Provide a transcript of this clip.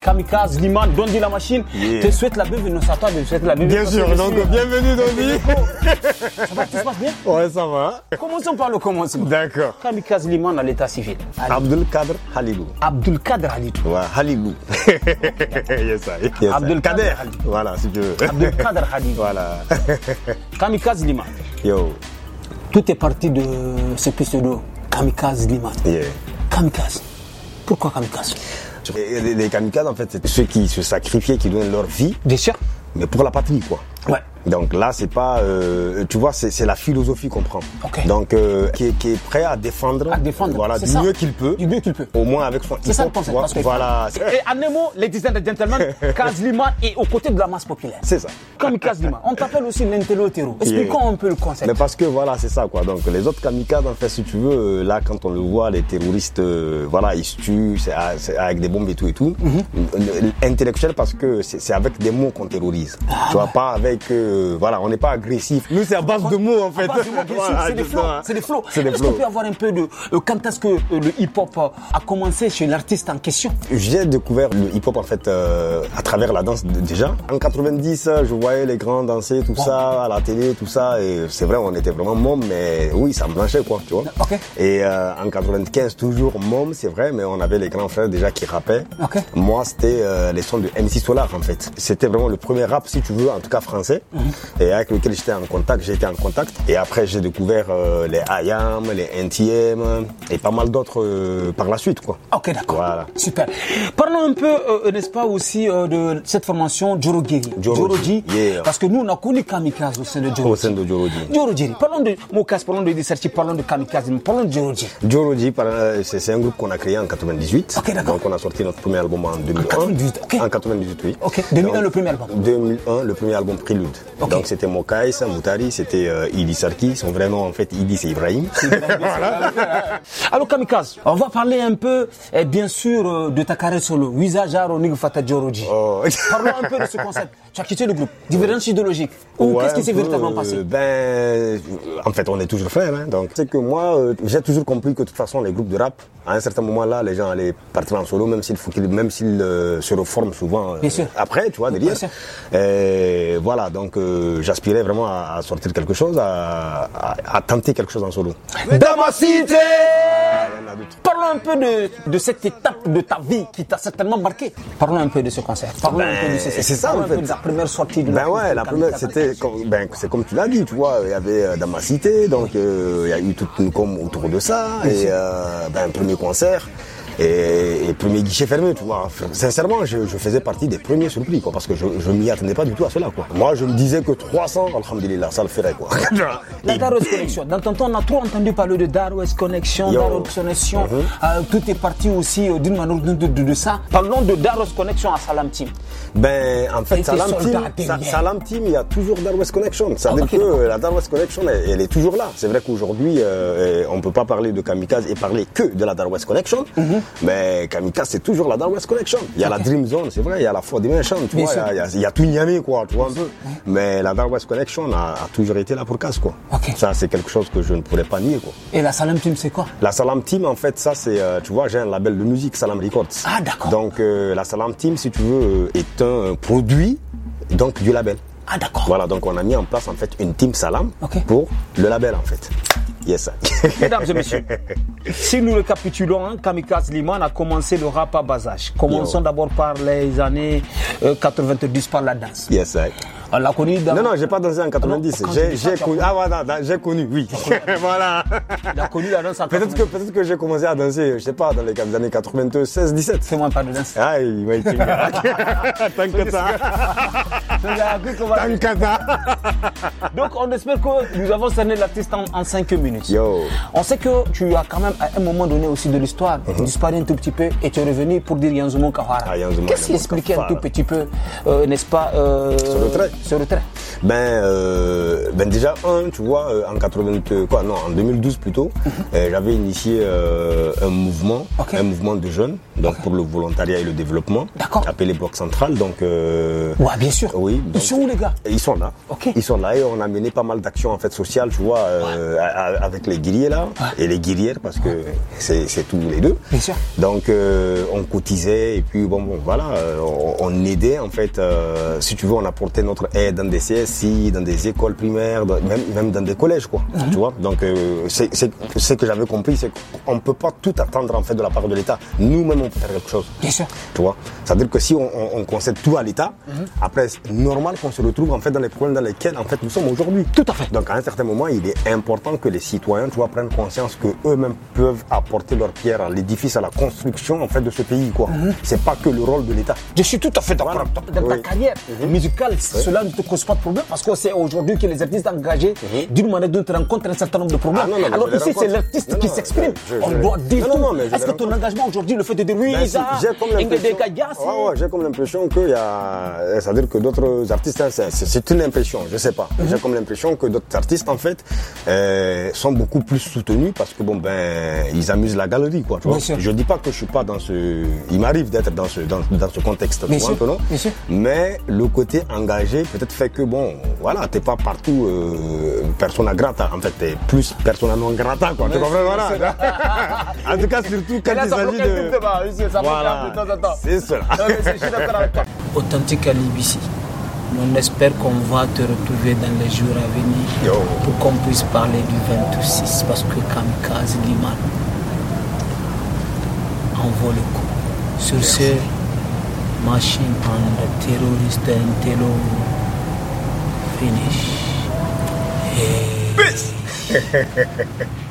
Kamikaze, Liman, Dondi la machine, te souhaite la bienvenue. à toi te souhaite la bienvenue. Bien sûr, donc dans bienvenue euh, Dondi. ça va, tout se passe bien Ouais, ça va. Commençons par le commencement. D'accord. Kamikaze Liman à l'état civil. Abdul Kader Halilou. Abdul Kader Halilou. Ouais, Halilou. yes, ça. Abdul Kader Halilou. Voilà, si tu veux. Abdul Kader Halilou. Voilà. Kamikaze Liman. Yo. Tout est parti de ce pseudo Kamikaze Liman. Yeah. Kamikaze. Pourquoi Kamikaze et les, kamikazes, en fait, c'est ceux qui se sacrifiaient, qui donnent leur vie. Bien sûr. Mais pour la patrie, quoi. Ouais. Donc là, c'est pas, euh, tu vois, c'est la philosophie qu'on prend. Donc euh, qui, est, prêt à défendre, voilà, du mieux qu'il peut, du mieux qu'il peut. Au moins avec son. C'est ça le concept. Vois, voilà. Et même temps les dizaines de gentlemen, Kazlima est aux côtés de la masse populaire. C'est ça. Comme Kazlima, on t'appelle aussi lintello explique Expliquons yeah. un peu le concept. Mais parce que voilà, c'est ça quoi. Donc les autres kamikazes, en fait, si tu veux, euh, là quand on le voit, les terroristes, voilà, ils se tuent avec des bombes et tout et tout. Mhm. Intellectuel parce que c'est avec des mots qu'on terrorise. Ah tu vois pas avec voilà, on n'est pas agressif. Nous, c'est à base de mots, en fait. c'est des flots. C'est des Est-ce qu'on peut avoir un peu de, euh, quand est-ce que euh, le hip-hop euh, a commencé chez l'artiste en question? J'ai découvert le hip-hop, en fait, à travers la danse, déjà. En 90, je voyais les grands danser, tout ça, à la télé, tout ça, et c'est vrai, on était vraiment mômes, mais oui, ça me blanchait, quoi, tu vois. Ah, et, en 95, toujours mom c'est vrai, mais on avait les grands frères déjà qui rappaient. Moi, c'était les sons de MC Solar, en fait. C'était vraiment le premier rap, si tu veux, en tout cas français. Mhm et avec lequel j'étais en contact, j'ai été en contact. Et après, j'ai découvert euh, les IAM, les NTM et pas mal d'autres euh, par la suite, quoi. Ok, d'accord. Voilà. Super. Parlons un peu, euh, n'est-ce pas, aussi de cette formation Jorogiri. Diorogiri. Parce que nous, on a connu Kamikaze au sein de Jorogiri. Au sein de Jorogiri. Jorogiri. Parlons de Mokas, parlons de Desserti, parlons de Kamikaze, parlons de Jorogiri. Jorogiri, c'est un groupe qu'on a créé en 98. Donc, on a sorti notre premier album en 2001. En 98, En 98, oui. Ok. 2001, le premier album. 2001, le premier album Prélude. Donc c'était Mokaïs, Moutari, c'était euh, Idi Sarki. Son vrai nom, en fait, Idi, c'est Ibrahim. Alors, Kamikaze, on va parler un peu, eh, bien sûr, euh, de ta carrière solo, Wizajaro Jaro Parlons un peu de ce concept. Tu as quitté le groupe, divergence idéologique. Ou qu'est-ce qui s'est véritablement passé euh, Ben, en fait, on est toujours frères. Hein. donc, c'est que moi, euh, j'ai toujours compris que de toute façon, les groupes de rap, à un certain moment-là, les gens allaient partir en solo, même s'ils même s'ils se reforment souvent. Après, tu vois, derrière. Et voilà, donc j'aspirais vraiment à, sortir quelque chose, à, tenter quelque chose en solo. Damasité ah, Parlons un peu de, cette étape de ta vie qui t'a certainement marqué. Parlons un peu de ce concert. un peu de ben, C'est ça, en fait. la première sortie de Ben ouais, la première, c'était, ben, c'est comme tu l'as dit, tu vois, il y avait euh, Damasité, donc euh, il y a eu tout une autour de ça, et euh, ben, un premier concert. Et, et premier guichet fermé, tu vois. Sincèrement, je, faisais partie des premiers surpris, quoi, parce que je, ne m'y attendais pas du tout à cela, quoi. Moi, je me disais que 300, alhamdulillah, ça le ferait, quoi. La Daros Connection, dans ton temps, on a trop entendu parler de Daros Connection, Connection. Mm-hmm. Euh, tout est parti aussi euh, d'une manière ou d'une autre de, ça. Parlons de Daros Connection à Salam Team. Ben, en fait, Salam Team, Salam Team, il y a toujours Darwest Connection. Ça veut dire que la Darwest Connection, elle, est toujours là. C'est vrai qu'aujourd'hui, euh, on ne peut pas parler de Kamikaze et parler que de la Darwest Connection. Mm-hmm. Mais Kamikaze, c'est toujours la West Connection. Il y a la Dream Zone, c'est vrai, il y a la Four Dimension, tu vois, il y, a, il y, a tout quoi, tu vois un peu. Mais la Dark Connection a, a, toujours été là pour casse, quoi. Ça, c'est quelque chose que je ne pourrais pas nier, quoi. Et la Salam Team, c'est quoi La Salam Team, en fait, ça, c'est, euh, tu vois, j'ai un label de musique, Salam Records. Ah, d'accord. Donc, euh, la Salam Team, si tu veux, euh, est un produit, donc, du label. Ah d'accord. Voilà, donc on a mis en place en fait une team Salam pour le label en fait. Yes. Mesdames et messieurs, Si nous récapitulons, hein, Kamikaze Liman a commencé le rap à bas âge. Commençons d'abord par les années 90 euh, par la danse. Yes, sir. On l'a connu dans... Non, non, j'ai pas dansé en 90. J'ai connu. Ah, voilà, j'ai connu, oui. voilà. Il a connu la danse en Peut-être que, peut que j'ai commencé à danser, je sais pas, dans les années 96 16, 17. c'est moi pas de danse. Ah, il me été. Tant que ça. Tant que ça. Donc, on espère que nous avons cerné l'artiste en, 5 minutes. Yo. On sait que tu as quand même à un moment donné aussi de l'histoire, mhm. disparaît un tout petit peu et tu es revenu pour dire Yanzumo Kahara ah, Qu'est-ce qui expliquait un tout petit peu, euh, n'est-ce pas, euh, ce retrait Ce retrait. Ben, euh, ben déjà, un, tu vois, en 80, quoi, non, en 2012 plutôt, mhm. j'avais initié un mouvement, un mouvement de jeunes, donc pour le volontariat et le développement, appelé Bloc Central. Donc, ouais, bien sûr. Oui. ils sont où les gars Ils sont là. Ils sont là et on a mené pas mal d'actions en fait sociales, tu vois, avec les guerriers là et les guerrières parce que c'est tous les deux. Donc euh, on cotisait et puis bon, bon voilà, euh, on, aidait en fait. Euh, si tu veux, on apportait notre aide dans des CSI, dans des écoles primaires, même, même dans des collèges quoi. Ah. Tu vois. Donc c'est ce que j'avais compris, c'est qu'on ne peut pas tout attendre en fait de la part de l'État. Nous-mêmes on peut faire quelque chose. Bien sûr. Tu vois. Ça à dire que si on, concède tout à l'État, mhm. après c'est normal qu'on se retrouve en fait dans les problèmes dans lesquels en fait nous sommes aujourd'hui. Tout à fait. Donc à un certain moment, il est important que les citoyens, tu vois, prennent conscience que eux-mêmes peuvent apporter leur pierre à l'édifice, à la construction en fait de ce pays. quoi. Mhm. C'est pas que le rôle de l'État. Je suis tout à fait d'accord. Dans ta carrière mhm. musicale, cela ne te cause pas de problème parce que c'est aujourd'hui que les artistes engagés, mhm. d'une manière d'une autre rencontrent un certain nombre de problèmes. Ah, Alors ici, c'est l'artiste qui s'exprime. On doit dire Est-ce que ton engagement aujourd'hui, le fait de dire ben, ça, j'ai comme l'impression y a... à dire que d'autres artistes, hein, c'est une impression, je sais pas. J'ai comme l'impression que d'autres artistes, en fait, euh, sont beaucoup plus soutenus parce que, bon, ben, euh, ils amusent la galerie, quoi. Tu je dis pas que je suis pas dans ce, il m'arrive d'être dans ce, dans, ce contexte, non Mais le côté engagé peut-être fait que bon, voilà, t'es pas partout euh, personne à grata. En fait, t'es plus personnellement non grata, quoi. tu comprends, en tout cas, surtout quand il s'agit de, Voilà. C'est cela. Authentique à on espère qu'on va te retrouver dans les jours à venir pour qu'on puisse parler du 26 parce que Kamikaze Liman envoie le coup. Sur ce, machine en terroriste, terrorist finish.